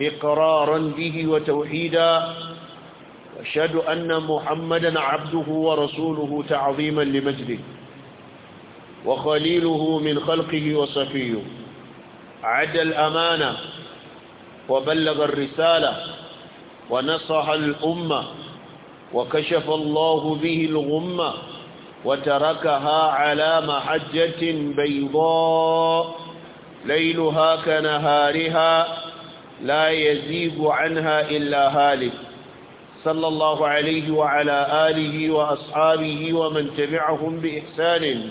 إقرارا به وتوحيدا وأشهد أن محمدا عبده ورسوله تعظيما لمجده وخليله من خلقه وصفيه عد الأمانة وبلغ الرسالة ونصح الأمة وكشف الله به الغمة وتركها على محجة بيضاء ليلها كنهارها لا يزيب عنها إلا هالك صلى الله عليه وعلى آله وأصحابه ومن تبعهم بإحسان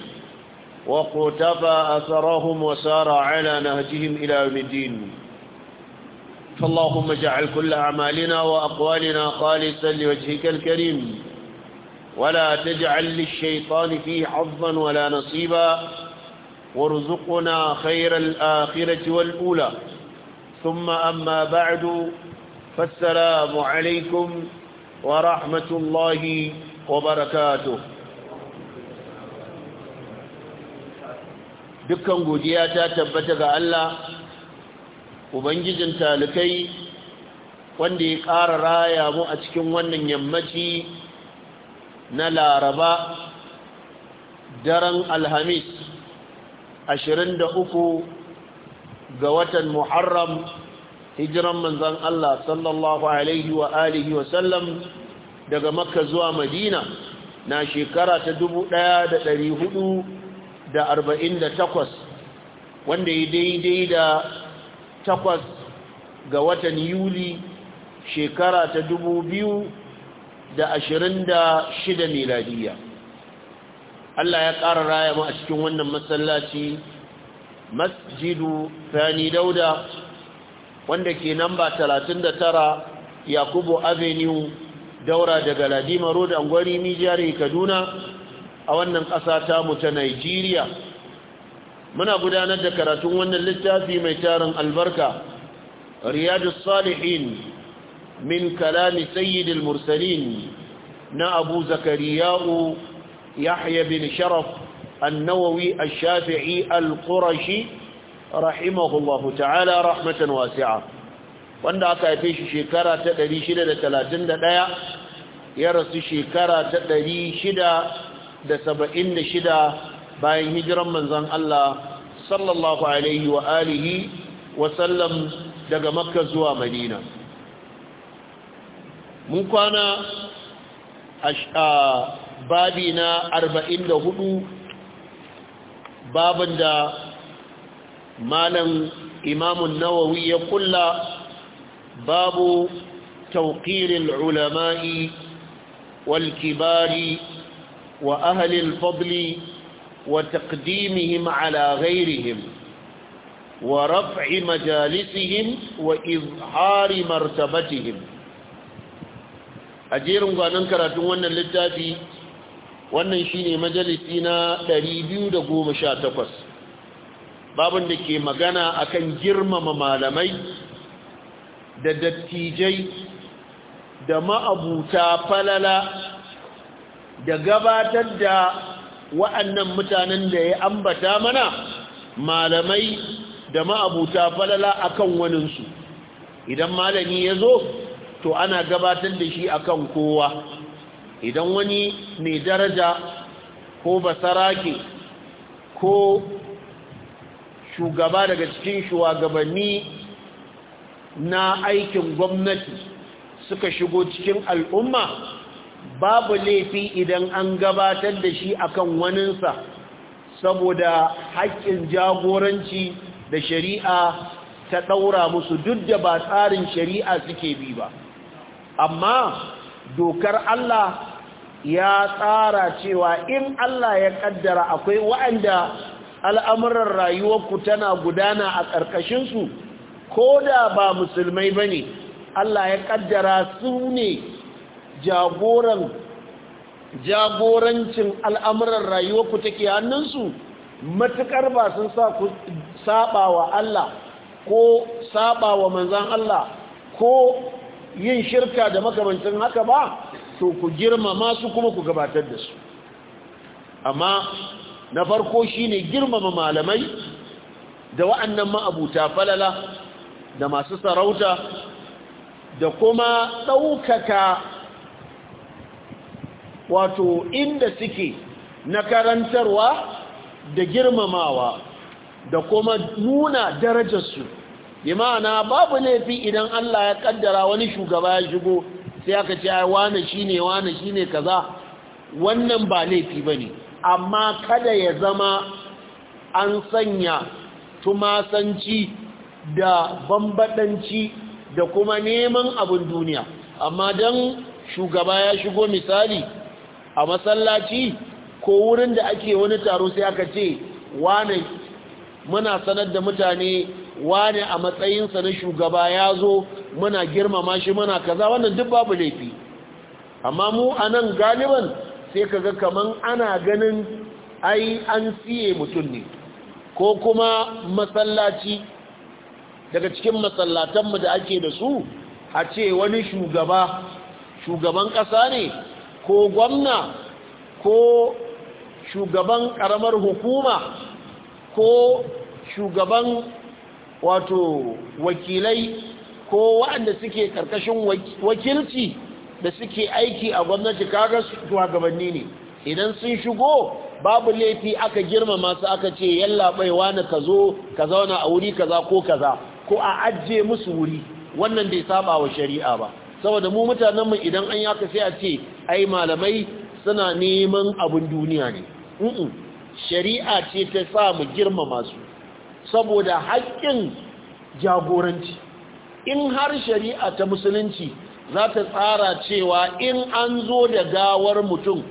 وقتفى أثرهم وسار على نهجهم إلى يوم الدين فاللهم اجعل كل أعمالنا وأقوالنا خالصا لوجهك الكريم ولا تجعل للشيطان فيه حظا ولا نصيبا وارزقنا خير الآخرة والأولى ثم أما بعد فالسلام عليكم ورحمة الله وبركاته dukkan godiya ta tabbata ga Allah ubangijin talikai wanda ya ƙara raya mu a cikin wannan yammaci na laraba daren alhamis uku. ga watan muharram hijiran manzan Allah sallallahu alaihi wa alihi wa sallam daga makka zuwa madina na shekara ta 1448 wanda ya daidai da takwas ga watan yuli shekara ta 2026 miladiya Allah ya ƙara raya mu a cikin wannan masallaci masjidu Fani dauda wanda ke namba 39 yakubu avenue daura daga ladima road angwari mijiyar kaduna a wannan ƙasa mu ta nigeria muna gudanar da karatun wannan littafi mai tarin albarka riyadu salihin min kalami sayyidil mursalin na abu zakariya'u yahya bin sharaf النووي الشافعي القرشي رحمه الله تعالى رحمة واسعة wanda aka haife shi shekara ta 631 ya rasu shekara ta 676 bayan hijiran manzon Allah sallallahu alaihi wa wa sallam daga makka zuwa madina mun kwana a babi na 44 babin da malam Imamin nawawi ya kulla babu tauƙirin ulama'i walkibari wa ahalin fabli wa taƙdimihim ala ghairihim wa raf'i majalisihim wa izhari martabatihim a jerin gwanon karatun wannan littafi wannan shi ne majalisi na 218 babin da ke magana akan girmama malamai da dattijai da ma'abuta falala da gabatar da wa'annan mutanen da ya ambata mana malamai da ma'abuta falala akan waninsu idan malami ya zo to ana gabatar da shi akan kowa idan wani mai daraja ko basarake ko shugaba daga cikin shugabanni na aikin gwamnati suka shigo cikin al'umma babu laifi idan an gabatar da shi a kan waninsa saboda haƙƙin jagoranci da shari'a ta ɗaura musu duk da ba tsarin shari'a suke bi ba amma dokar Allah ya tsara cewa in Allah ya kaddara akwai wa'anda al'amuran rayuwarku tana gudana a ƙarƙashinsu ko da ba musulmai ba ne Allah ya kaddara su ne jagoran jagorancin al'amuran rayuwarku take hannunsu matuƙar ba sun saba wa Allah ko saba wa manzan Allah ko yin shirka da makamancin haka ba to ku girmama su kuma ku gabatar da su amma na farko shine girmama malamai da wa'annan ma'abuta falala da masu sarauta da kuma ɗaukaka wato inda suke na karantarwa da girmamawa da kuma nuna darajarsu Imana babu laifi idan Allah ya kaddara wani shugaba ya shigo sai aka ce ai wane shine wane shine kaza wannan ba laifi bane amma kada ya zama an sanya tumasanci da bambadanci da kuma neman abin duniya amma dan shugaba ya shigo misali a masallaci ko wurin da ake wani taro sai aka ce wane muna sanar da mutane wane a matsayinsa na shugaba ya zo muna girmama shi muna kaza wannan duk babu laifi amma mu a nan galiban sai ka ga kaman ana ganin ai an siye mutum ne ko kuma masallaci daga cikin masallatanmu da ake da su a ce wani shugaba shugaban ƙasa ne ko gwamna ko shugaban ƙaramar hukuma ko shugaban wato wakilai ko waɗanda suke karkashin wakilci da suke aiki a gwamnati kaga shugabanni ne idan sun shigo babu laifi aka girma masu aka ce yalla bai wani ka zo ka zauna a wuri kaza ko kaza ko a ajiye musu wuri wannan bai saba wa shari'a ba saboda mu mutanen mu idan an yaka sai a ce ai malamai suna neman abun duniya ne shari'a ce ta sa mu girmama su saboda haƙƙin jagoranci in har shari'a ta musulunci za ta tsara cewa in an zo da gawar mutum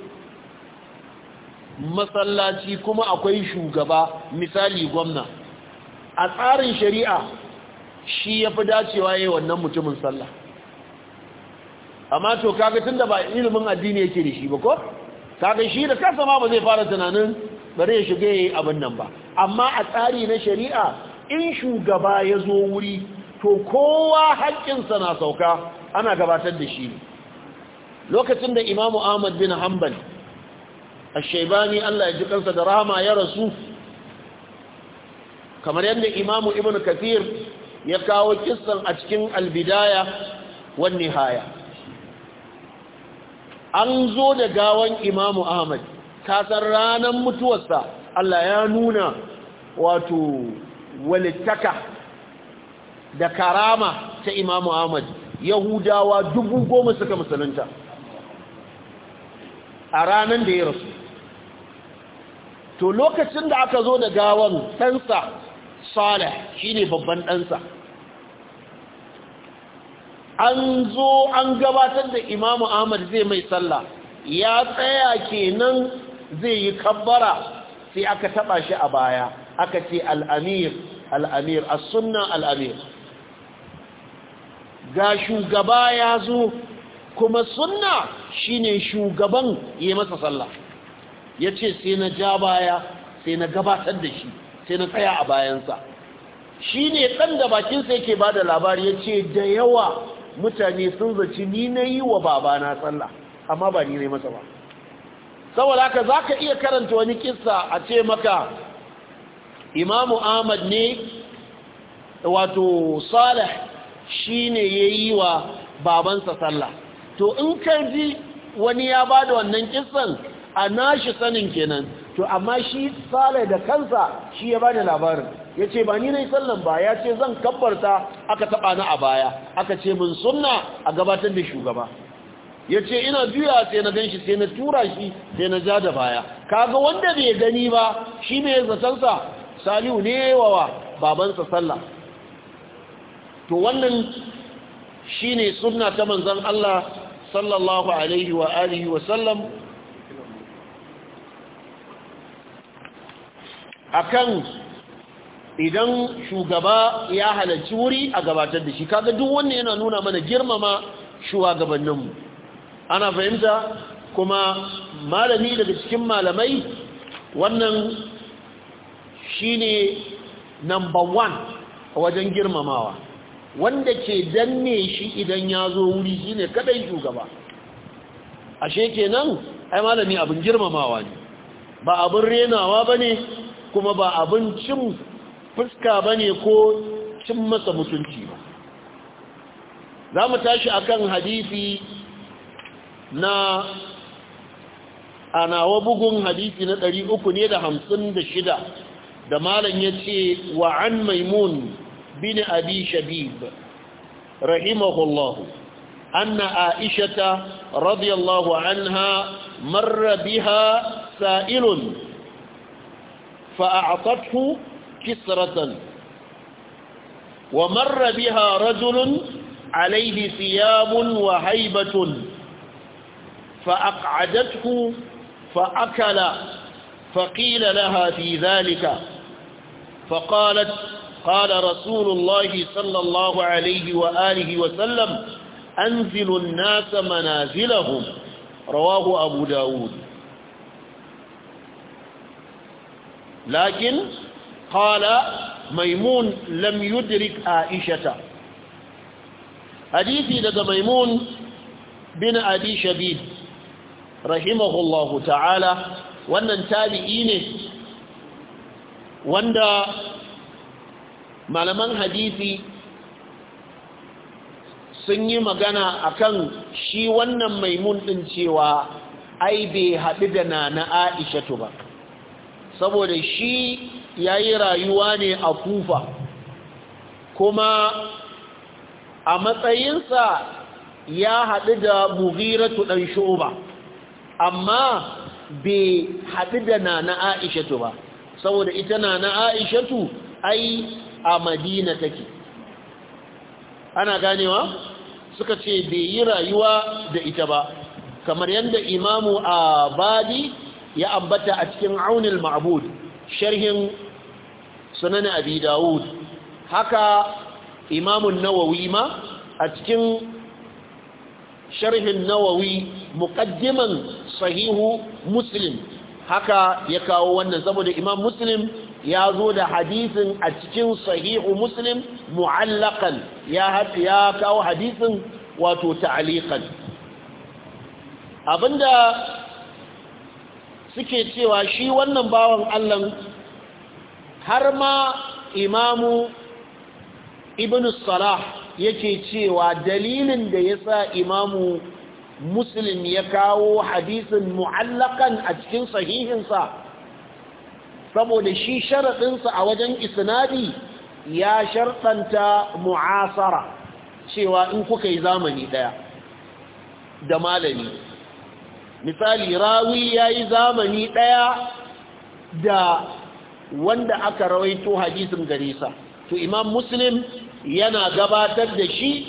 masallaci kuma akwai shugaba misali gwamna a tsarin shari'a shi ya fi dacewa yi wannan mutumin sallah amma to kaga tun da ba ilimin addini yake da shi ba ko kaga shi da kasa ma ba zai fara tunanin bari ya shiga yi abin nan ba amma a tsari na shari'a in shugaba ya zo wuri to kowa haƙƙinsa na sauka ana gabatar da shi lokacin da imamu ahmad bin hanbal ashaibani Allah ya ji kansa da rahama ya rasu kamar yadda imamu ibn kathir ya kawo kissan a cikin albidaya wani haya. an zo da gawan imamu ahmad kasar ranar mutuwarsa Allah ya nuna wato walittaka da karama ta imamu ahmad yahudawa dubu goma suka musulunta a ranar da ya rasu to lokacin da aka zo da gawan ɗansa salih shine babban ɗansa an zo an gabatar da imamu ahmad zai mai sallah ya tsaya kenan zai yi kabbara sai aka taba shi a baya aka ce al'amir al'amir a sunan al'amir ga shugaba ya zo kuma sunna ne shugaban ya masa sallah ya ce sai na ja baya sai na gabatar da shi sai na tsaya a bayansa shi ne ɗan da bakinsa yake ba da labari ya ce da yawa mutane sun zaci ni na yi wa babana sallah amma ba ni ne masa ba saboda haka za ka iya karanta wani kisa a ce maka imamu ahmad ne wato salih shi ne ya yi wa babansa sallah to in ka ji wani ya ba da wannan kisan a nashi sanin kenan to amma shi salih da kansa shi ya ba da labarin ya ce ba ni na yi sallan ba ya ce zan kabbarta aka taɓa na a baya aka ce min sunna a gabatar da shugaba ya ce ina juya sai na gan shi sai na tura shi sai na ja da baya kaga wanda bai gani ba shi ne zatansa salihu ne wa babansa sallah to wannan shi ne suna ta manzan Allah sallallahu alaihi wa alihi wa sallam akan idan shugaba ya halarci wuri a gabatar da shi kaga duk wannan yana nuna mana girmama shugabanninmu ana fahimta kuma malami daga cikin malamai wannan shine number one a wajen girmamawa wanda ke danne shi idan ya zo wuri ne kadai shugaba ashe nan ai malami abin girmamawa ne ba abin renawa ba ne, kuma ba abin cin fuska ba ne, ko cin masa mutunci ba za mu tashi akan hadisi na a nawa bugun hadisi na ɗari uku ne da hamsin da shida da malam ya ce wa an maimun bin abi shabib rahimahullahu anna aishata radiyallahu anha marra biha sa'ilun fa'a'atathu kisratan wa marrabiha biha rajulun alaihi siyabun wa haibatun فأقعدته فأكل فقيل لها في ذلك فقالت قال رسول الله صلى الله عليه وآله وسلم أنزل الناس منازلهم رواه أبو داود لكن قال ميمون لم يدرك عائشة حديثي لدى ميمون بن أبي شبيب rahimahullahu ta'ala wannan tabi'i ne wanda malaman hadisi sun yi magana akan shi wannan maimun din cewa ai bai haɗu da na na aishatu ba saboda shi ya yi rayuwa ne a kufa kuma a matsayinsa ya haɗu da mugiratu ɗan shuba amma bai haɗu da na aishatu ba saboda ita na aishatu ai a madina take ana ganewa suka ce bai yi rayuwa da ita ba kamar yadda imamu a badi ya ambata a cikin aunin ma'abud sharhin sunan abi dawud haka imamun nawawi ma a cikin sharhin nawawi muƙaddiman sahihu muslim haka ya kawo wannan saboda imam muslim ya zo da hadisin a cikin sahihu muslim muhallakan ya kawo hadisin wato ta'alikan abinda suke cewa shi wannan bawan allan har ma imamu ibn salah yake cewa dalilin da ya sa imamu muslim ya kawo hadisin mu'allakan a cikin sahihinsa saboda shi sharaɗinsa a wajen isnadi ya sharɗanta mu'asara cewa in kuka yi zamani ɗaya da malami misali rawi ya yi zamani ɗaya da wanda aka rawaito hadisin garisa to imam muslim yana gabatar da shi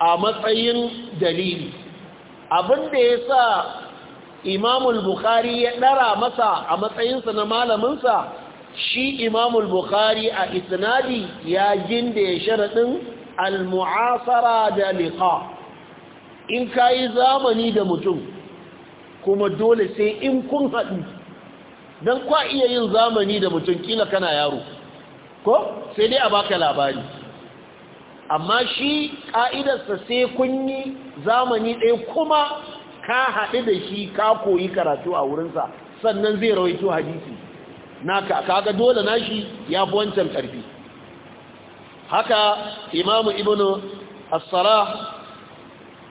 a matsayin dalili abin da ya sa imamul bukhari ya ɗara masa a matsayinsa na malaminsa shi imamul bukhari a isnadi ya da ya sharaɗin al-mu'asara da liqa in ka yi zamani da mutum kuma dole sai in kun haɗu don kwa iya yin zamani da mutum kila kana yaro ko sai dai a baka labari amma shi ƙa'idarsa sai kun yi zamani ɗaya kuma ka haɗu da shi ka koyi karatu a wurinsa sannan zai rawaito hadisi Na kaga dole na shi ya fi wancan ƙarfi haka imamu ibn as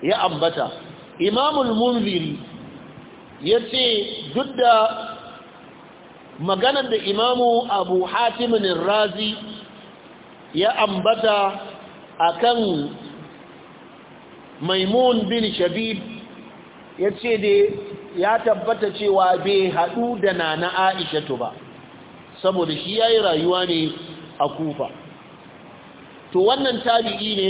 ya ambata imamul munziri ya ce duk da maganar da imamu abu hatimin razi ya ambata akan maimun bin shabib ya ce da ya tabbata cewa bai haɗu da nana aisha ba saboda shi ya yi rayuwa ne a kufa to wannan tabi'i ne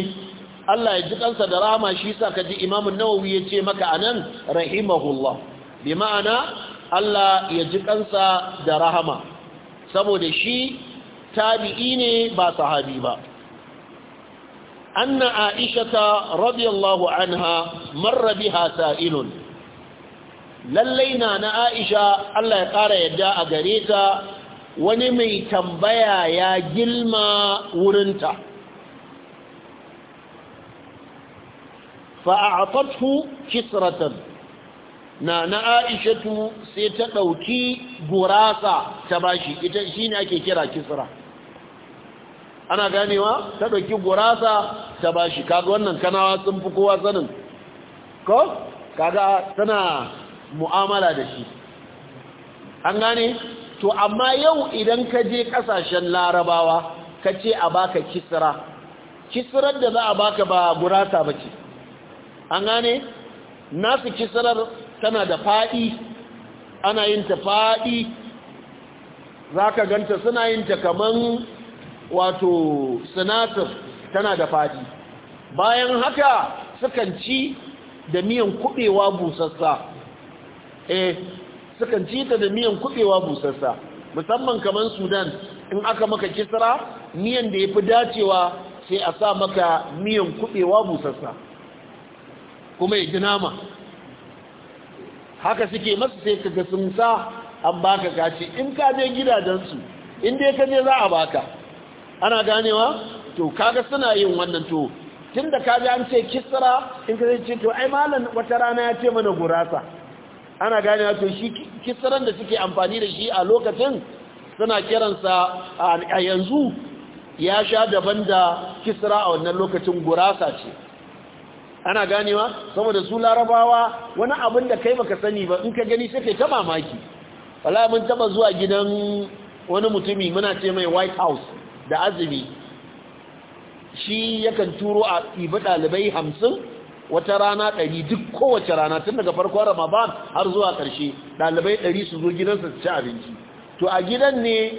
Allah ya ji kansa da rahama shi sa ka ji, imamun nawawi ya ce maka anan rahimahullah bi ma'ana Allah ya ji kansa da rahama saboda shi tabi'i ne ba sahabi ba أن عائشة رضي الله عنها مر بها سائل للينا نعائشة الله يقار يداء قريتا ونمي تنبيا يا جلما ورنتا فأعطته كسرة نانا عائشة ستتوكي براسة تباشي إتشين أكي كرا كسرة ana ganewa ta ɗauki gurasa ta bashi kaga wannan kanawa sun fi kowa sanin ko kaga tana mu'amala da shi an gane to amma yau idan ka je ƙasashen larabawa ka ce a baka kisra kisirar da za a baka ba gurasa ba ce an gane nasu kisrar tana da faɗi ana yin ta faɗi za ka ganta suna yin ta kaman wato sinatar tana da fadi bayan haka sukan ci da miyan kubewa busassa eh sukan ci ta da miyan kubewa busassa musamman kaman sudan in aka maka kisra miyan da yafi dacewa sai a sa maka miyan kubewa busassa kuma ya ji nama haka suke masu sai ka ga sun sa an baka kaci in ka je gidajensu in dai ka je za a baka ana ganewa to kaga suna yin wannan to tun da kaji an ce kisra in ka zai ce to ai malam wata rana ya ce mana gurasa ana ganewa to shi kisran da suke amfani da shi a lokacin suna kiransa a yanzu ya sha daban da kisra a wannan lokacin gurasa ce ana ganewa saboda su larabawa wani abin da kai baka sani ba in ka gani sai kai ta mamaki wala mun taba zuwa gidan wani mutumi muna ce mai white house da azumi shi yakan turo a ɗibi ɗalibai hamsin wata rana ɗari duk kowace rana tun daga farko ramadan har zuwa ƙarshe ɗalibai ɗari su zo gidansa su ci abinci to a gidan ne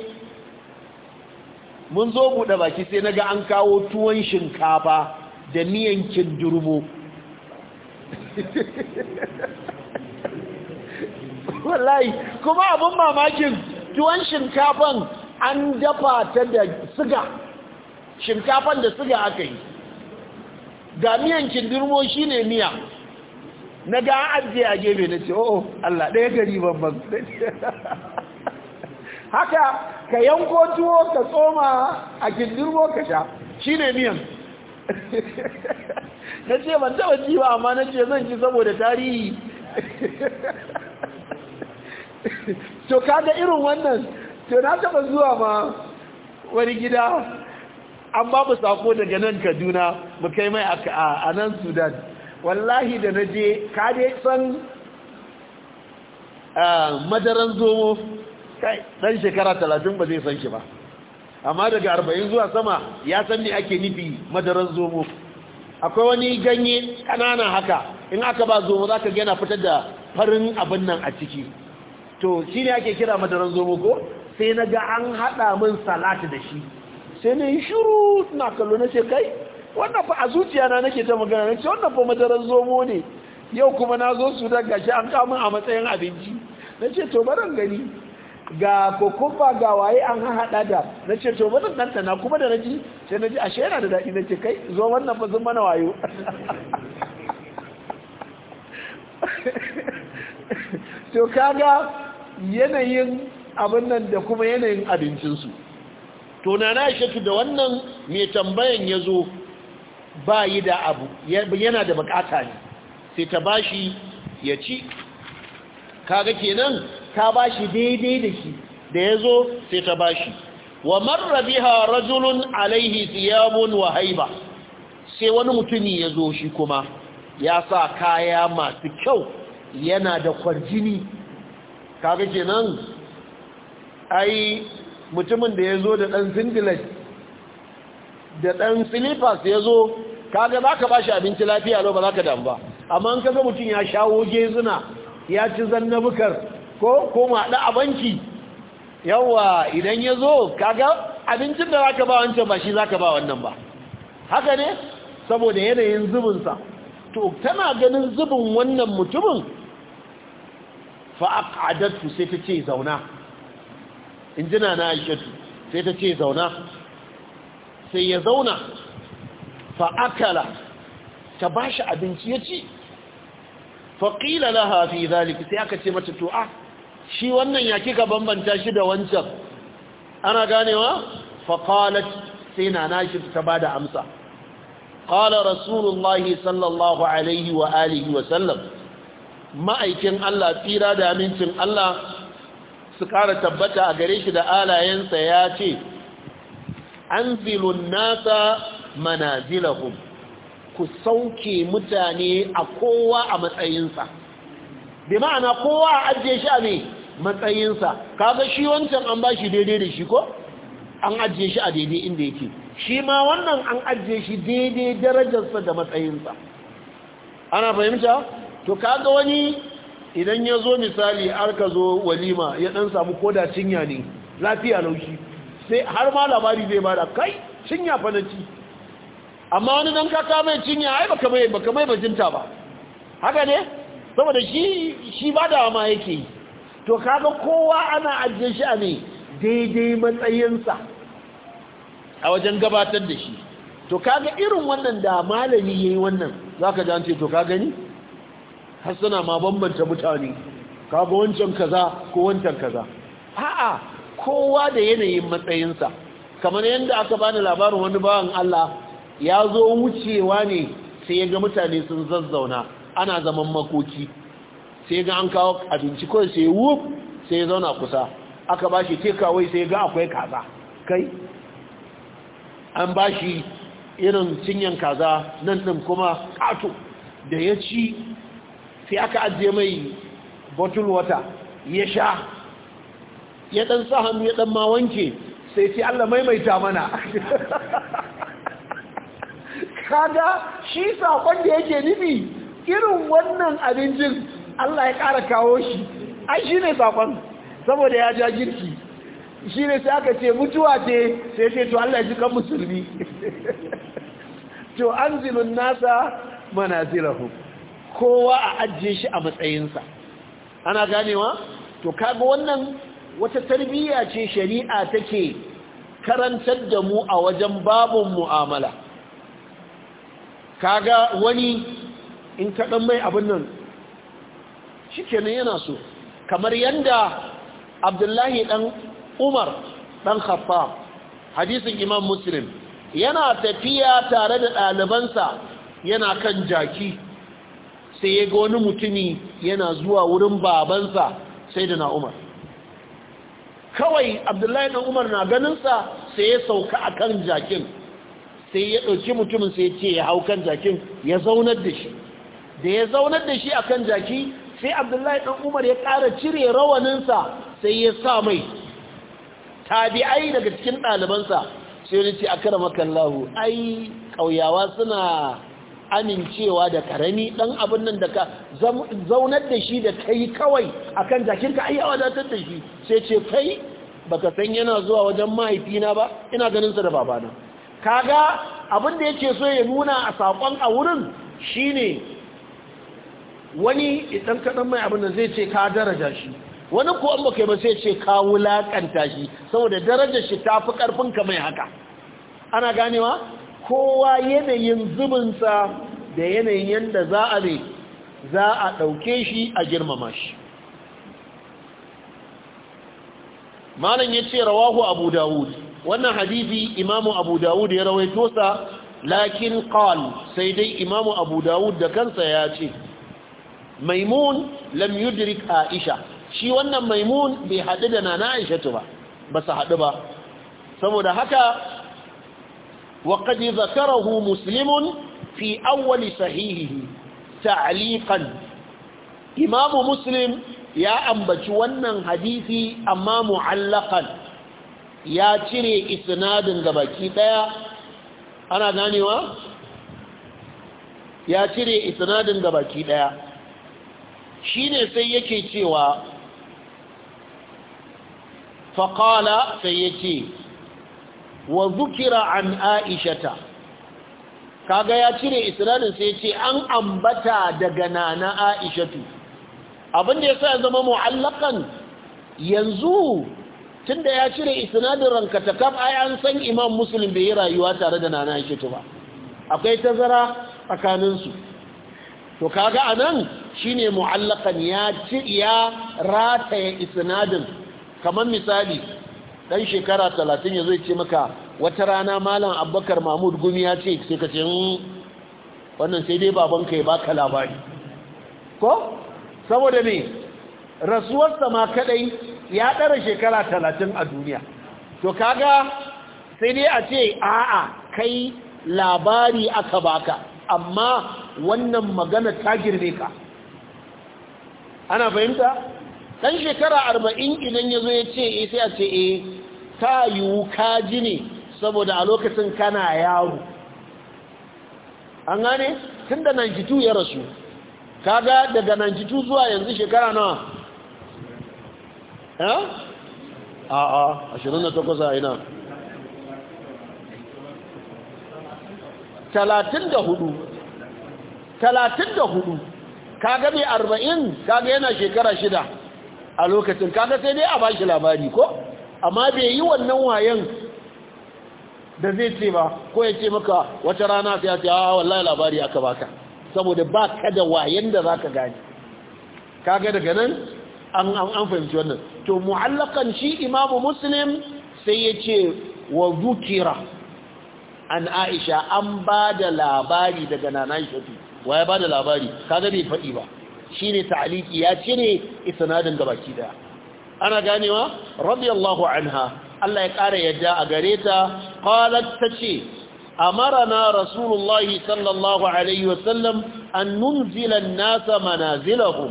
mun zo buɗe baki sai na ga an kawo tuwon shinkafa da miyan kindurmo wallahi kuma abin mamakin tuwon shinkafan an dafa ta da siga shinkafan da siga aka yi ga miyan kindirmo shi ne miya na ga ajiye a gefe na ce "Oh Allah ɗaya gari babban haka ka yanko tuwo ka tsoma a kindirmo ka sha shi ne miyan na ce ban taɓa ji ba amma na ce zan ci saboda tarihi to kaga irin wannan to na taba zuwa ma wani gida an ba mu sako daga nan kaduna mu kai mai a nan sudan wallahi da na je ka dai san madaran zomo kai dan shekara talatin ba zai san shi ba amma daga arba'in zuwa sama ya san ne ake nufi madaran zomo akwai wani ganye ƙanana haka in aka ba zomo za ka gana fitar da farin abin nan a ciki to shi ne ake kira madaran zomo ko sai na ga an haɗa min salatu da shi sai na yi shuru na kallo na ce kai wannan fa a zuciya na nake ta magana na ce wannan fa madarar zomo ne yau kuma na zo su daga shi an kamun a matsayin abinci na ce to baran gani ga kokumba ga waye an haɗa da na ce to baran ɗanta na kuma da na ji sai na ji ashe yana da daɗi na ce kai zo wannan fa sun mana wayo to kaga yanayin abin nan da kuma yanayin abincinsu to na na shafi da wannan mai tambayan ya zo ba yi da abu yana da bukata ne sai ta bashi ya ci kaga kenan ta bashi daidai da shi da ya zo sai ta bashi wa marra biha rajulun alaihi siyamun wa haiba sai wani mutumi ya zo shi kuma ya sa kaya masu kyau yana da kwarjini kaga kenan ai mutumin da ya zo da ɗan singlet da ɗan slippers ya zo kaga za ka ba shi abinci lafiya lo ba za ka damu ba amma an kaga mutum ya shawo gezuna ya ci zannabukar ko koma da a banki yawa idan ya zo kaga abincin da za ka ba wancan ba shi za ka ba wannan ba haka ne saboda yanayin zubinsa to tana ganin zubin wannan mutumin su sai ta ce zauna injina na aishatu sai ta ce zauna sai ya zauna fa'akala ta ba shi abinci ya ci faƙila laha fi zaliki sai aka ce mata to'a ah, shi wannan ya kika bambanta shi da wancan ana ganewa faƙalat sai na nashi ta ba da amsa ƙala rasulullahi sallallahu alaihi wa alihi wa sallam ma'aikin Allah tsira da amincin Allah su kara tabbata a gare shi da alayensa ya ce an zilun nasa manazilahum ku sauke mutane a kowa a matsayinsa bi ma'ana kowa a ajiye shi a ne matsayinsa kaga shi wancan an ba shi daidai da shi ko an ajiye shi a daidai inda yake shi ma wannan an ajiye shi daidai darajarsa da matsayinsa ana fahimta to kaga wani idan ya zo misali har ka zo walima ya ɗan samu koda cinya ne lafiya laushi sai har ma labari zai bada kai cinya fanaci amma wani dan kaka mai cinya ai baka mai baka mai bajinta ba haka ne saboda shi shi da ma yake yi to kaga kowa ana ajiye shi a ne daidai matsayinsa a wajen gabatar da shi to kaga irin wannan da malami yayi wannan zaka ji an ce to ka gani har suna ma bambanta mutane kaga wancan kaza ko wancan kaza a'a kowa da yanayin matsayinsa kamar yadda aka bani labarin wani bawan Allah ya zo wucewa ne sai ya ga mutane sun zazzauna ana zaman makoki sai ga an kawo abinci ko sai wuf sai ya zauna kusa aka ba shi tekawai sai ga akwai kaza kai an ba shi irin cinyan kaza nan din kuma kato da ya ci sai aka ajiye mai bottle water ya sha ya dan sa hannu ya dan ma wanke sai ce Allah maimaita mana Kada shi sakon da yake nufi irin wannan abincin Allah ya ƙara kawo shi ai shi ne sakon saboda ya ja girki shi ne sai aka ce mutuwa ce sai ce to Allah ya ji kan musulmi to anzilun nasa manazirahum kowa a ajiye shi a matsayinsa ana ganewa to kaga wannan wata tarbiyya ce shari'a take karantar da mu a wajen babun mu'amala kaga wani in ka dan mai abin nan shikenan yana so kamar yanda Abdullahi dan Umar dan Khattab hadisin Imam Muslim yana tafiya tare da ɗalibansa yana kan jaki sai ya ga wani mutumi yana zuwa wurin babansa sai da na umar kawai abdullahi na umar na ganinsa sai ya sauka a kan jakin sai ya ɗauki mutumin sai ya ce ya hau kan jakin ya zaunar da shi da ya zaunar da shi a kan jaki sai abdullahi ɗan umar ya ƙara cire rawaninsa sai ya sa mai tabi'ai daga cikin ɗalibansa sai ya ce a kara makallahu ai ƙauyawa suna amincewa da karami dan abin nan da ka zaunar da shi da kai kawai akan ka ayyawa wadatar da shi sai ce kai baka san yana zuwa wajen mahaifina ba ina ganin sa da babana kaga abin da yake so ya nuna a sakon a wurin shine wani idan kadan mai abin da zai ce ka daraja shi wani ko an baka ba sai ce ka wulakanta shi saboda darajar shi tafi karfin ka mai haka ana ganewa kowa yanayin zubinsa da yanayin yadda za a ne za a ɗauke shi a girmama shi malam ya ce rawahu abu dawud wannan hadithi imamu abu dawud ya rawaito sa lakin qal sai dai imamu abu dawud da kansa ya ce maimun lam yudrik aisha shi wannan maimun bai haɗu da nana aisha ba ba su haɗu ba saboda haka وقد ذكره مسلم في أول صحيحه تعليقا إمام مسلم يا أنبت ونن حديثي أما معلقا يا تري إسناد غبكي أنا غانيوا يا تري إسناد غبكي shine sai yake cewa faƙala sai yake wa zukira an aishata kaga ya cire isra'ilin sai ce an ambata daga nana aishatu Abin da ya sa zama mu'allakan yanzu tunda ya cire isnadin ta kaf ai an san imam muslim bai yi rayuwa tare da nana aishatu ba akwai tazara tsakaninsu to kaga anan shine mu'allakan ya ci ya rataya isnadin kamar misali dan shekara talatin ya zai ce maka wata rana malam abubakar mahmud gumi ya ce sai ka ce hmm, wannan sai dai babanka ya baka labari ko saboda me rasuwarsa ma kadai ya ɗara shekara talatin a duniya to kaga sai dai a ce a'a kai labari aka baka amma wannan magana ta girme ka ana fahimta ɗan shekara arba'in idan ya zo ya ce eh, sai a ce e ta yiwu kaji ne saboda a lokacin kana yaro an gane tun da 92 ya rasu kaga daga 92 zuwa yanzu shekara nawa ya? a a 28 a ina 34 34 kaga mai 40 kaga yana shekara shida a lokacin kaga sai dai a bashi labari ko amma bai yi wannan wayan da zai ce ba ko ya ce maka wata rana sai ya ce a ah, wallahi labari aka baka saboda ba ka da wayan da za ka gani kaga daga nan an fahimci wannan to mu'allakan shi imamu muslim sai ya ce wa zukira an aisha an ba da labari daga nana shafi wa ya ba da labari kaga bai faɗi ba shi ne ta'aliki ya ce ne isanadin gabaki daya ana ganewa radiyallahu anha Allah ya ƙara yadda a gare ta qalat tace amarna rasulullahi sallallahu alaihi wasallam an nunzila an-nasa manazilahum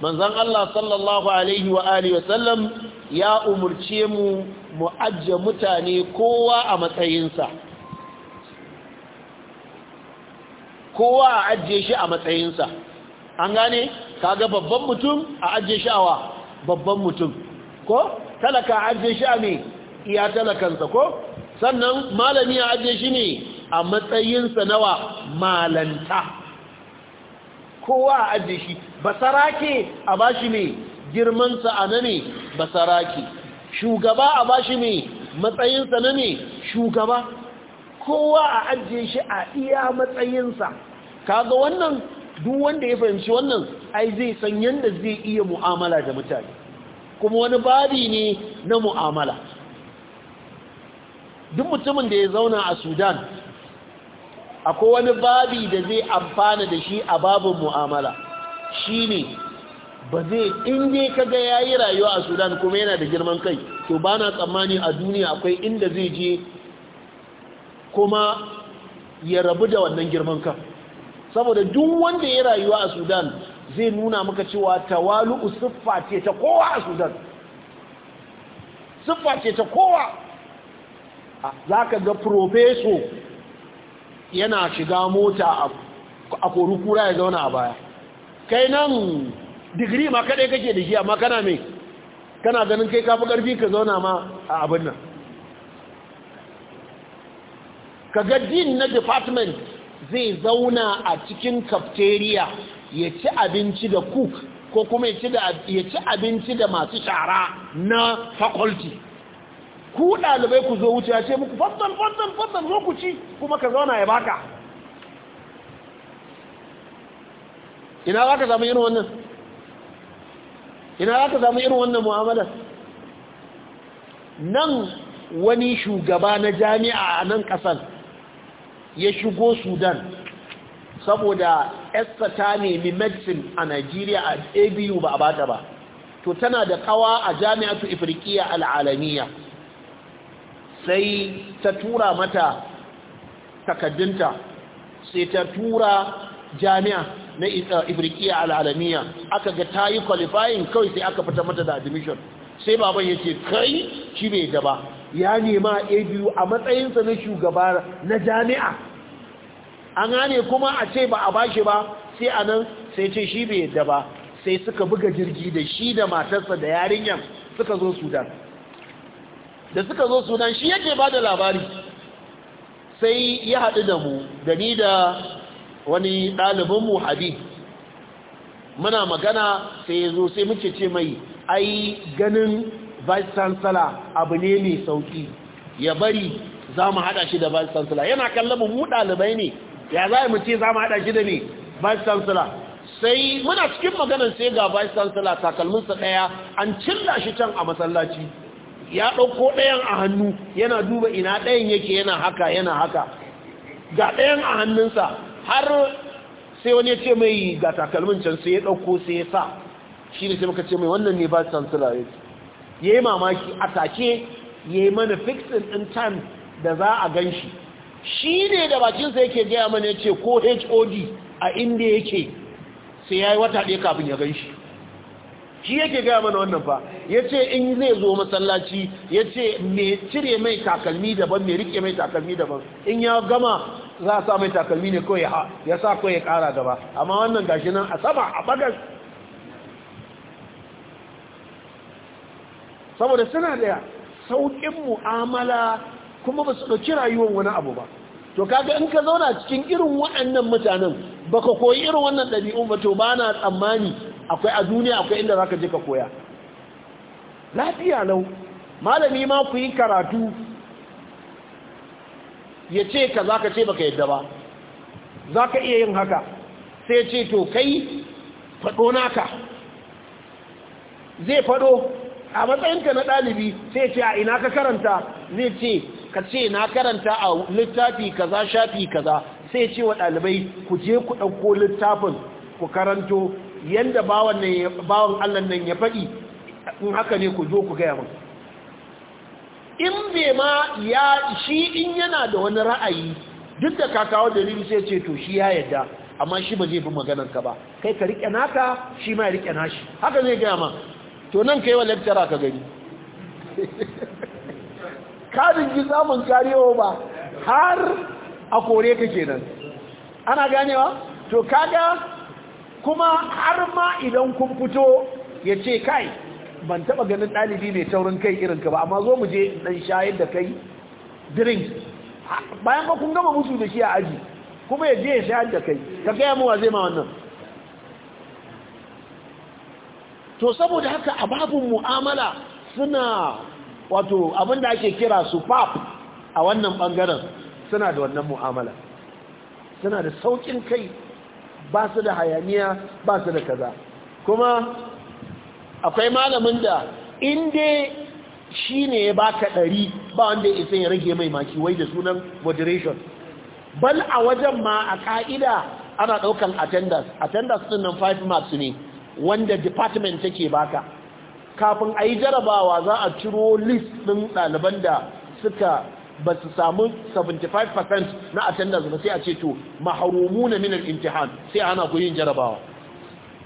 manzon Allah sallallahu alaihi wa alihi wasallam ya umurce mu mu ajje mutane kowa a matsayinsa kowa a ajje shi a matsayinsa an gane kaga babban mutum a ajje shi a wa. babban mutum ko talaka a shi a me iya talakansa ko sannan malami a ajiye shi ne a matsayinsa nawa malanta kowa a ajiye shi basarake a ba shi ne girmansa a na ne basarake shugaba a ba shi ne matsayinsa na ne shugaba kowa a ajiye shi a iya matsayinsa kaga wannan duk wanda ya fahimci wannan ai zai san yanda zai iya mu'amala da mutane kuma wani babi ne na mu'amala duk mutumin da ya zauna a sudan akwai wani babi da zai amfana da shi a babin mu'amala shi ne ba zai inda kaga ya yi rayuwa a sudan kuma yana da girman kai to ba na tsammani a duniya akwai inda zai je kuma ya rabu da wannan girman kai saboda duk wanda ya rayuwa a sudan zai nuna maka cewa tawalu siffa ce ta kowa a sudan siffa ce ta kowa za ka ga profeso yana shiga mota a kori kura ya zauna a baya kai nan digiri ma kadai kake da shi amma kana mai kana ganin kai kafi karfi ka zauna ma a abin nan ka ga din na department zai zauna a cikin kafteriya ya ci abinci da cook ko kuma ya ci abinci da masu shara na faculty ku ɗalibai ku zo wuce ya ce muku faddan faddan faddan zo ku ci kuma ka zauna ya baka ina za ka zama irin wannan ina za ka zama irin wannan mu'amalar nan wani shugaba na jami'a a nan ƙasar ya shigo sudan saboda esta ta nemi medicine a nigeria a abu ba a bata ba to tana da kawa a jami'atu ifirkiya al'alamiya sai ta tura mata takaddunta sai ta tura jami'a na uh, ifirkiya al'alamiya aka ga ta yi kwalifayin kawai sai aka fita mata da admission sai baban ya ce kai shi bai da ba ya nema a biyu a matsayinsa na shugaba na jami'a an gane kuma a ce ba a bashi ba sai a nan sai ce shi bai yadda ba sai suka buga jirgi da shi da matarsa da yarinyar suka zo sudan da suka zo sudan shi yake ba da labari sai ya haɗu da mu da ni da wani ɗalibinmu hadi muna magana sai ya zo sai muke ce mai ai ganin vice Sala abu ne mai sauki ya bari za mu haɗa shi da vice Sala yana kallon mu ɗalibai ne ya za mu ce za mu haɗa shi da ne vice Sala sai muna cikin maganar sai ga vice chancellor takalminsa ɗaya an cilla shi can a masallaci ya ɗauko ɗayan a hannu yana duba ina ɗayan yake yana haka yana haka ga ɗayan a hannunsa har sai wani ya ce mai ga takalmin can sai ya ɗauko sai ya sa shi ne sai muka ce mai wannan ne vice chancellor yake ya yi mamaki a take ya yi mana fixin in time da za a gan shi shi ne da bakinsa yake gaya mana ya ce ko hod a inda yake sai ya yi wata ɗaya kafin ya gan shi shi yake gaya mana wannan fa ya ce in zai zo masallaci ya ce mai cire mai takalmi daban mai rike mai takalmi daban in ya gama za a sa mai takalmi ne kawai ya sa kawai ya kara gaba amma wannan gashi nan a sama a bagas saboda suna da sauƙin mu'amala kuma ba su ɗauki rayuwar wani abu ba to kaga in ka zauna cikin irin waɗannan mutanen ba ka koyi irin wannan ɗabi'un ba to ba na tsammani akwai a duniya akwai inda za ka je ka koya lafiya lau malami ma ku yi karatu ya ce ka za ka ce ba ka yadda ba za ka iya yin haka sai ce to kai faɗo naka zai faɗo a matsayinka na ɗalibi sai ce a ina ka karanta zai ce ka ce na karanta a littafi kaza shafi kaza sai ce wa ɗalibai ku je ku ɗauko littafin ku karanto yadda bawan allan nan ya faɗi in haka ne ku zo ku gaya mun in bai ma ya shi in yana da wani ra'ayi duk da da dalili sai ce to shi ya yadda amma shi ba zai fi maganarka ba kai ka riƙe naka shi ma ya riƙe nashi haka zai gaya ma to nan ka yi wa lecturer ka gani ka ji samun karewa ba har a kore ka kenan ana ganewa to kaga kuma har ma idan kun fito ya ce kai ban taba ganin ɗalibi mai taurin kai irin ka ba amma zo mu je dan shayar da kai drink bayan ba kun gama mutu da shi a aji kuma ya je ya shayar da kai ka gaya mu wa zai ma wannan to saboda haka a babin mu'amala suna wato abinda ake kira su pap a wannan bangaren suna da wannan mu'amala suna da saukin kai ba su da hayaniya ba su da kaza kuma akwai malamin da inda shi ne ya baka ɗari ba wanda ya isa ya rage mai maki wai da sunan moderation bal a wajen ma a ka'ida ana ɗaukan attendance attendance ɗin nan 5 marks ne wanda department take baka kafin a yi jarabawa za a ciro list ɗin ɗaliban da suka ba su samu 75% na attendance ba sai a ce to maharumu na minar intihan sai ana ku yin jarabawa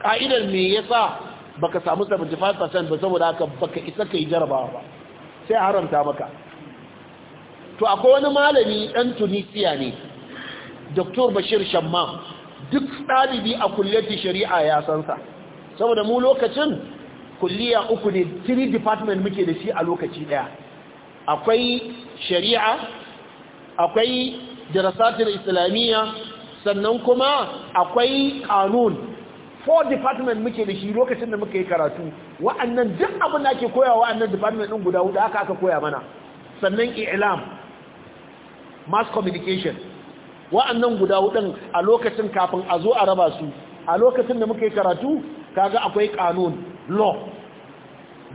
ƙa'idar me ba ka samu 75% ba saboda haka ba ka isa ka yi jarabawa ba sai haramta maka to akwai wani malami ɗan tunisiya ne dr bashir shamma duk ɗalibi a kulliyar shari'a ya sansa saboda mu lokacin kulliya uku ne three department muke da shi a lokaci daya akwai shari'a akwai dirasatul islamiyya sannan kuma akwai kanun four department muke da shi lokacin da muka yi karatu wa'annan duk abin da ake koyawa wa'annan department din guda huɗu, aka aka koya mana sannan i'lam mass communication wa'annan guda huɗun a lokacin kafin a zo a raba su a lokacin da muka yi karatu kaga akwai kanun law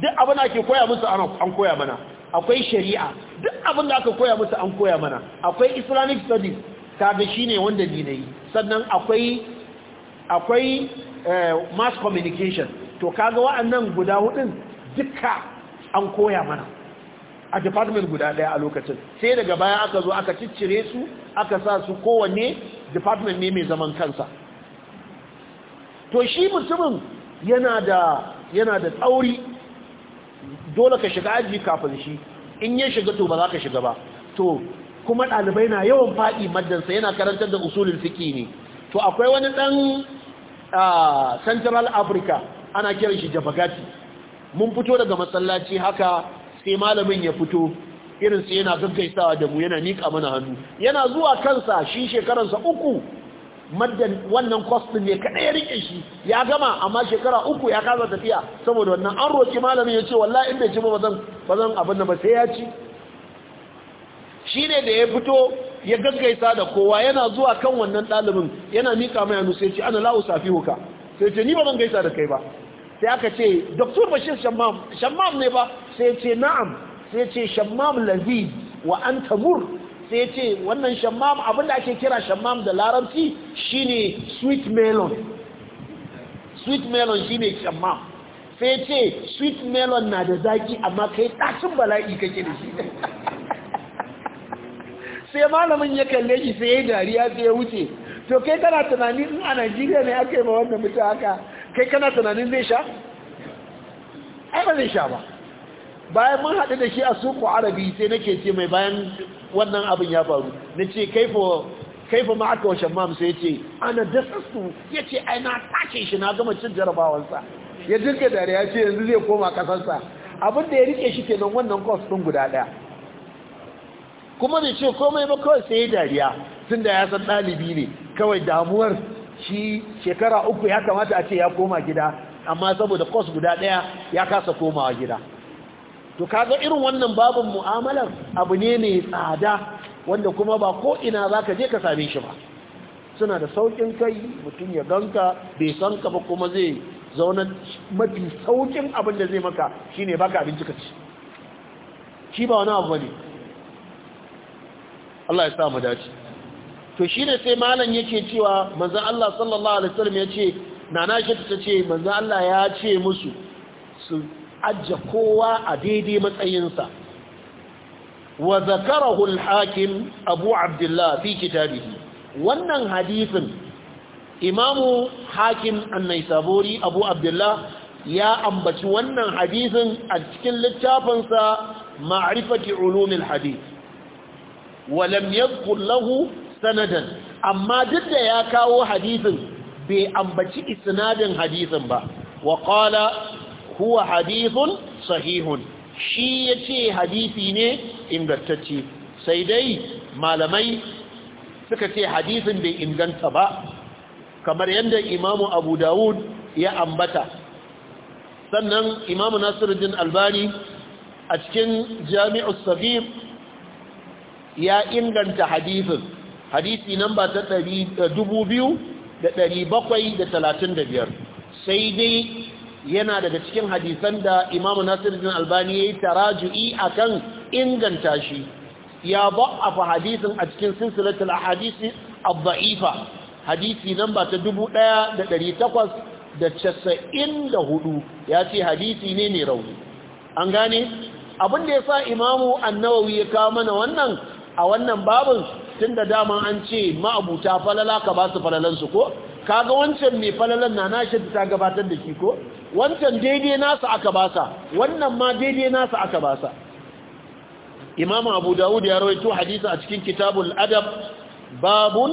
duk abin da ake koya musu an koya mana akwai shari'a duk abin da aka koya musu an koya mana akwai islamic studies kaga shine wanda ni nayi sannan akwai akwai eh, mass communication to kaga wa'annan guda hudun duka an koya mana a department guda daya a lokacin sai daga baya aka zo aka ciccire su aka sa su kowanne department ne mai zaman kansa to shi mutumin yana da tsauri dole ka shiga aji kafin shi in ya shiga to ba za ka shiga ba to kuma ɗalibai na yawan faɗi maddansa yana karantar da usulin fiki ne to akwai wani ɗan central africa ana kiran shi jabagati mun fito daga masallaci haka sai malamin ya fito irin sai yana gaggaisawa da mu yana nika mana hannu yana zuwa kansa shi shekararsa uku maddan wannan kwas ne kaɗai rike shi ya gama amma shekara uku ya kaza tafiya saboda wannan an roki malamin ya ce wallahi in bai ci ba bazan abin da ba sai ya ci shi ne da ya fito ya gaggaisa da kowa yana zuwa kan wannan ɗalibin yana miƙa mai hannu sai ce ana la'u safi huka sai ce ni ba ban gaisa da kai ba sai aka ce doktor bashir shammam shammam ne ba sai ce na'am sai ce shammam lazi wa an tamur sai ce wannan shammam da ake kira shammam da larabci shine sweet melon sweet melon shine shamma sai ce sweet melon na da zaki amma kai tashin bala'i kake da shi sai malamin ya kalle shi sai ya dariya sai ya wuce to kai kana tunanin in a Najeriya ne aka yi ma wannan mutum haka kai kana tunanin zai sha ai ba zai sha ba bayan mun haɗu da shi a suku arabi sai nake ce mai bayan wannan abin ya faru na ce kai for kaifa ma aka washe mam sai yace ana dasastu yace ai na take shi na gama cin jarabawansa ya dinka dare ya ce yanzu zai koma kasarsa abin da ya rike shi kenan wannan course din guda daya kuma bai ce komai ba kawai sai dariya tunda ya san dalibi ne kawai damuwar shi shekara uku ya kamata a ce ya koma gida amma saboda kwas guda daya ya kasa komawa gida to kaga irin wannan babin mu'amalar abu ne mai tsada wanda kuma ba ko ina za ka je ka same shi ba suna da saukin kai mutum ya ganka bai san ka ba kuma zai zauna mafi saukin abin da zai maka shi ne baka abinci ka ci shi ba wani abu ne Allah ya sa dace to shine sai malam yake cewa manzo Allah sallallahu alaihi wasallam yace nana shi ta ce manzo Allah ya ce musu su ajja kowa a daidai matsayinsa وذكره الحاكم أبو عبد الله في كتابه wannan hadisin imamu hakim annaisaburi abu abdullah ya ambaci wannan hadisin a cikin littafinsa ma'rifati ulumil hadith walam yadhkur lahu sanadan amma duk da ya kawo hadisin bai ambaci isnadin hadisin ba wa qala huwa hadithun sahihun shi ya ce hadisi ne ingantacce sai dai malamai suka ce hadisin bai inganta ba kamar yadda imamu abu dawud ya ambata sannan imamu nasiruddin albani a cikin jami'ar sabir ya inganta hadisin hadisi namba ta biyar sai dai yana daga cikin hadisan da Imam Nasiruddin Albani yayi taraju'i akan inganta shi ya ba'afa hadisin a cikin silsilatul ahadisi ad-da'ifa hadisi namba ta 1894 ya ce hadisi ne mai rauni an gane abin da yasa Imam An-Nawawi ya kawo mana wannan a wannan babin tun da dama an ce ma'abuta falala ka ba su falalansu ko kaga wancan mai falalan na nashi ta gabatar da shi ko wancan daidai nasa aka basa wannan ma daidai nasa aka basa imam abu dawud ya rawaito hadisi a cikin kitabul adab babun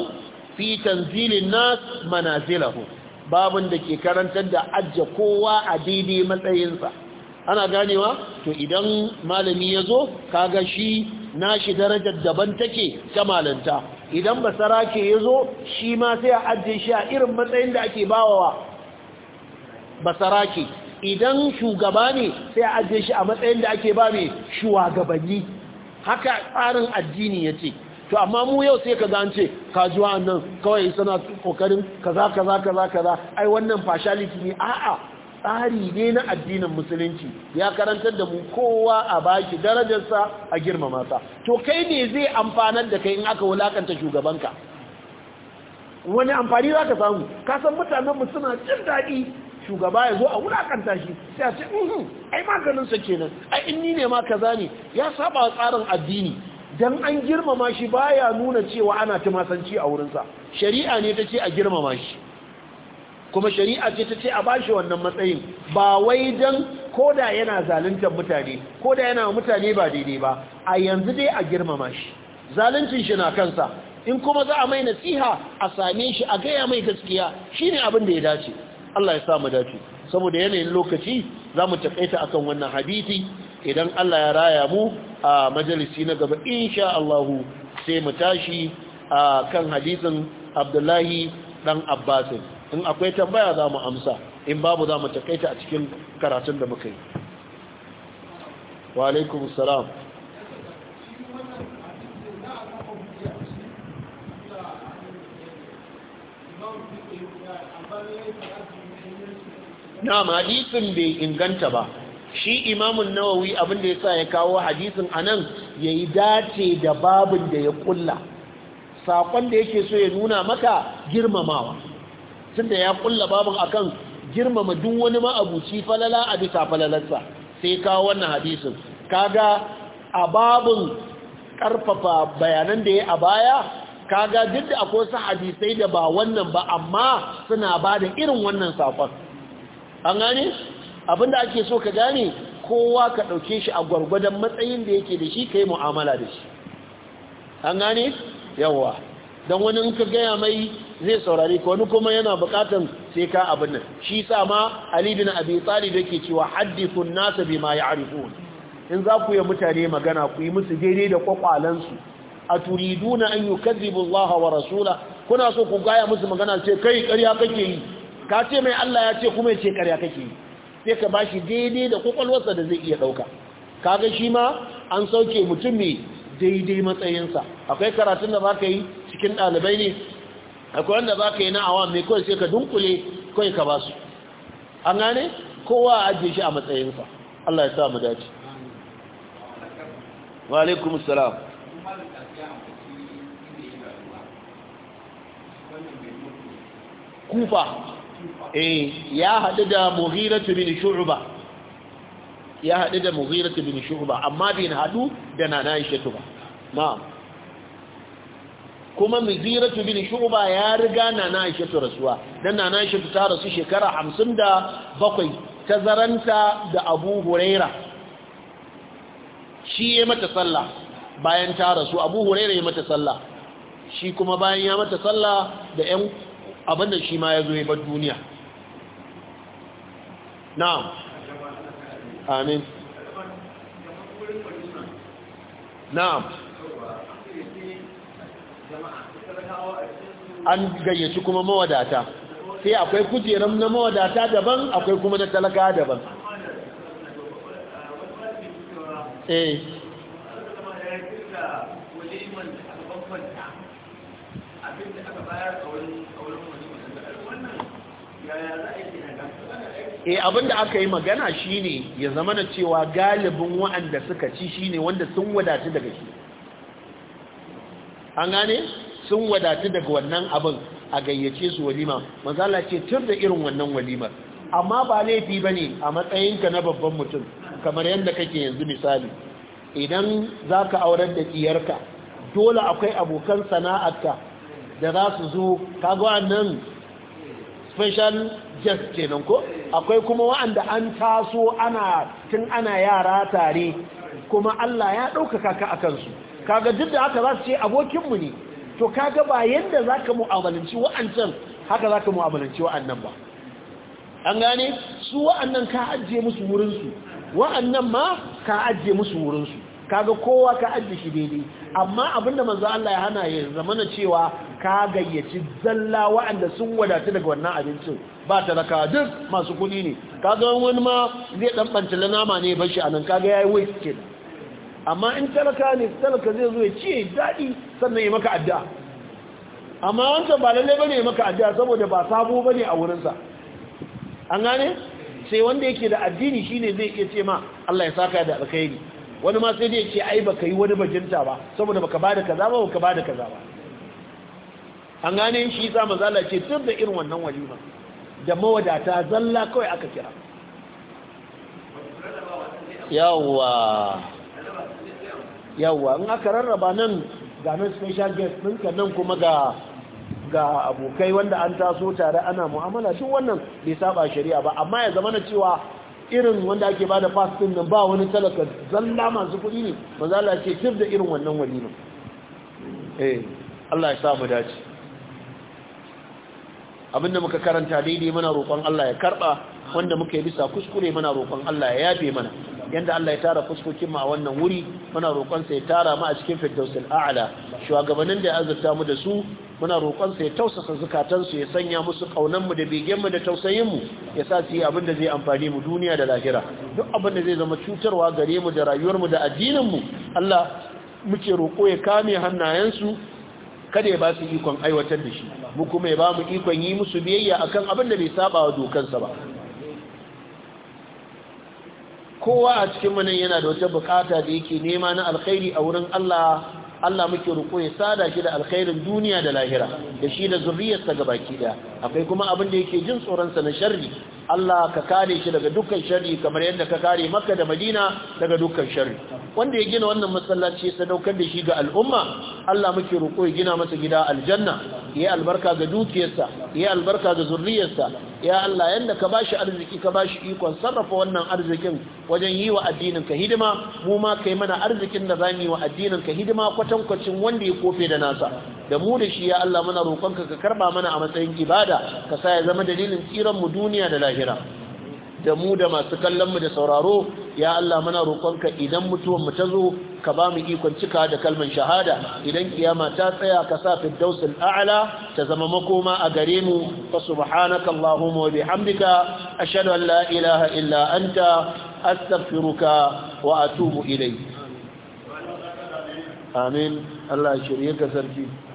fi tanzilin nas manazilahu babun da ke karantar da ajja kowa a daidai matsayinsa ana ganewa to idan malami ya zo kaga shi nashi darajar daban take ta malanta idan basara ke ya zo shi ma sai a ajiye shi a irin matsayin da ake bawawa basara ke idan shugaba ne sai a ajiye shi a matsayin da ake ba mai shugabanni haka tsarin addini ya ce to amma mu yau sai ka gance kajuwa nan kawai suna kokarin kaza kaza kaza kaza ai wannan fashaliti ne a'a tsari ne na addinin musulunci ya karantar da mu kowa a baki darajarsa a girmama sa to kai ne zai amfanar da kai in aka wulakanta shugabanka wani amfani za ka samu kasan mutanen suna jin daɗi shugaba ya zo a wulakanta shi sai a ce ai maganinsa kenan ai in ni ne ma kaza ne ya saba tsarin addini dan an girmama shi baya nuna cewa ana tumasanci a wurinsa shari'a ne ta ce a girmama shi kuma shari'a ce ta ce a bashi wannan matsayin ba wai dan koda yana zaluntar mutane koda yana mutane ba daidai ba a yanzu dai a girmama shi zaluncin shi na kansa in kuma za a mai nasiha a same shi a gaya mai gaskiya shine abin da ya dace Allah ya sa mu dace saboda yanayin lokaci za mu takaita akan wannan hadisi idan Allah ya raya mu a majalisi na gaba insha Allah sai mu tashi a kan hadisin Abdullahi dan Abbasin in akwai tambaya za mu amsa in babu za mu takaita a cikin karatun da muka yi wa alaikum salam na hadisin bai inganta ba shi imamun nawawi abin ya sa ya kawo hadisin anan ya yi dace da babin da ya kulla saƙon da yake so ya nuna maka girmamawa tunda ya kulla babin akan girmama duk wani ma'abuci falala a bisa falalarsa sai kawo wannan hadisin kaga a babin karfafa bayanan da ya a baya kaga duk da akwai wasu hadisai da ba wannan ba amma suna ba da irin wannan safon an gane abinda ake so ka gane kowa ka ɗauke shi a gwargwadon matsayin da yake da shi ka yi mu'amala da shi an gane yawwa don wani in ka gaya mai zai saurari ka wani kuma yana bukatan sai ka abin nan shi sa ma Ali bin Abi Talib yake cewa haddithun nas bima ya'rifun in za ku yi mutane magana ku yi musu daidai da kwakwalansu aturiduna an yukadzibu Allah wa rasula kuna so ku gaya musu magana ce kai ƙarya kake yi ka ce mai Allah ya ce kuma ya ce ƙarya kake yi sai ka bashi daidai da kwakwalwarsa da zai iya dauka kaga shi ma an sauke mutum mai daidai matsayinsa akwai karatun da ka yi cikin ɗalibai ne akwai wanda za ka yi na awa mai kawai sai ka dunkule kawai ka ba su an gane kowa a ajiye shi a matsayinsa Allah ya sa mu dace wa alaikum salam kufa eh ya hadu da mughiratu bin shu'ba ya haɗu da mughiratu bin shu'ba amma bin hadu da nana shi ba na'am kuma muziratu bin shu'ba ya riga nana aishatu rasuwa dan nana aishatu ta rasu shekara hamsin da 57 tazaranta da abu huraira shi ya mata sallah bayan ta rasu abu huraira ya mata sallah shi kuma bayan ya mata sallah da ƴan abinda shi ma ya zo ya bar duniya na'am amin na'am an gayyaci kuma mawadata sai akwai kujeran na mawadata daban akwai kuma na talaka daban eh e eh, abinda aka yi magana shine ya zama na cewa galibin wa'anda suka ci shine wanda sun wadatu daga shi an gane? sun wadatu daga wannan abin a gayyace su walima manzala ce tun da irin wannan walimar amma ba laifi ba ne a matsayinka na babban mutum kamar yadda kake yanzu misali idan za ka aurar da ɗiyarka dole akwai abokan sana'arka da za su zo kagawa nan special guest kenan ko akwai kuma wa'anda an taso ana tun ana yara tare kuma Allah ya ɗaukaka ka a kansu kaga duk da haka za su ce abokinmu ne to kaga ba yadda za ka mu'amalanci wa'ancan haka za ka mu'amalanci wa'annan ba an gane su wa'annan ka ajiye musu wurinsu wa'annan ma ka ajiye musu wurinsu kaga kowa ka ajiye shi daidai amma abinda manzo Allah ya hana ya zamana cewa ka gayyaci zalla wa'anda sun wadatu daga wannan abincin ba talaka duk masu kuɗi ne kaga wani ma zai dan bancala nama ne bashi anan kaga yayi waste kenan amma in talaka ne talaka zai zo ya ce daɗi sannan ya maka addu'a amma wanda ba lalle bane ya maka addu'a saboda ba sabo bane a wurinsa an gane sai wanda yake da addini shine zai iya ce ma Allah ya saka da alkhairi wani ma sai dai ce ai baka yi wani bajinta ba saboda baka bada kaza ba baka bada kaza ba an gane shi sa manzo Allah ce tun da irin wannan walima da mawadata zalla kawai aka kira yawwa yawwa in aka rarraba nan ga nan special guest ɗinka nan kuma ga ga abokai wanda an taso tare ana mu'amala tun wannan bai saba shari'a ba amma ya zama na cewa irin wanda ake ba da din nan ba wani talaka zalla masu kuɗi ne manzala ce tir da irin wannan walima eh Allah ya sa mu dace abinda muka karanta daidai muna roƙon Allah ya karɓa, wanda muka yi bisa kuskure muna roƙon Allah ya yafe mana yanda Allah ya tara kuskokin mu a wannan wuri muna roƙon ya tara mu a cikin firdausul a'la shugabannin da ya azurta mu da su muna roƙon ya tausasa zakatan ya sanya musu kaunan mu da begen mu da tausayin mu ya sa su yi abin da zai amfani mu duniya da lahira duk abin da zai zama cutarwa gare mu da rayuwar mu da addinin mu Allah muke roƙo ya kame hannayensu kada ya ba su ikon aiwatar da shi mu kuma ya ba mu ikon yi musu biyayya akan abin da bai saba wa dokansa ba kowa a cikin manan yana da wata bukata da yake nema na alkhairi a wurin Allah Allah muke roƙo ya sada shi da alkhairin duniya da lahira da shi da zuriyarsa gabaki daya akwai kuma abin da yake jin tsoronsa na sharri Allah ka kare shi daga dukkan sharri kamar yadda ka kare Makka da Madina daga dukkan sharri wanda ya gina wannan masallaci ya sadaukar da shi ga al'umma Allah muke roƙo ya gina masa gida aljanna ya albarka ga dukiyarsa ya albarka ga zurriyarsa ya Allah yanda ka bashi arziki ka bashi ikon sarrafa wannan arzikin wajen yi wa addinin ka hidima mu ma kai mana arzikin da zamu yi wa addinin ka hidima kwatankwacin wanda ya kofe da nasa da mu da shi ya Allah muna roƙonka ka karba mana a matsayin ibada ka sa ya zama dalilin tsiran mu duniya da lahira da mu da masu kallon mu da sauraro ya Allah muna roƙonka idan mutuwan mu ta zo ka ba mu ikon cika da kalman shahada idan kiyama ta tsaya ka sa firdausul a'la ta zama makoma a gare mu fa subhanaka allahumma wa bihamdika ashhadu an la ilaha illa anta astaghfiruka wa atubu ilayk amin Allah shirye ka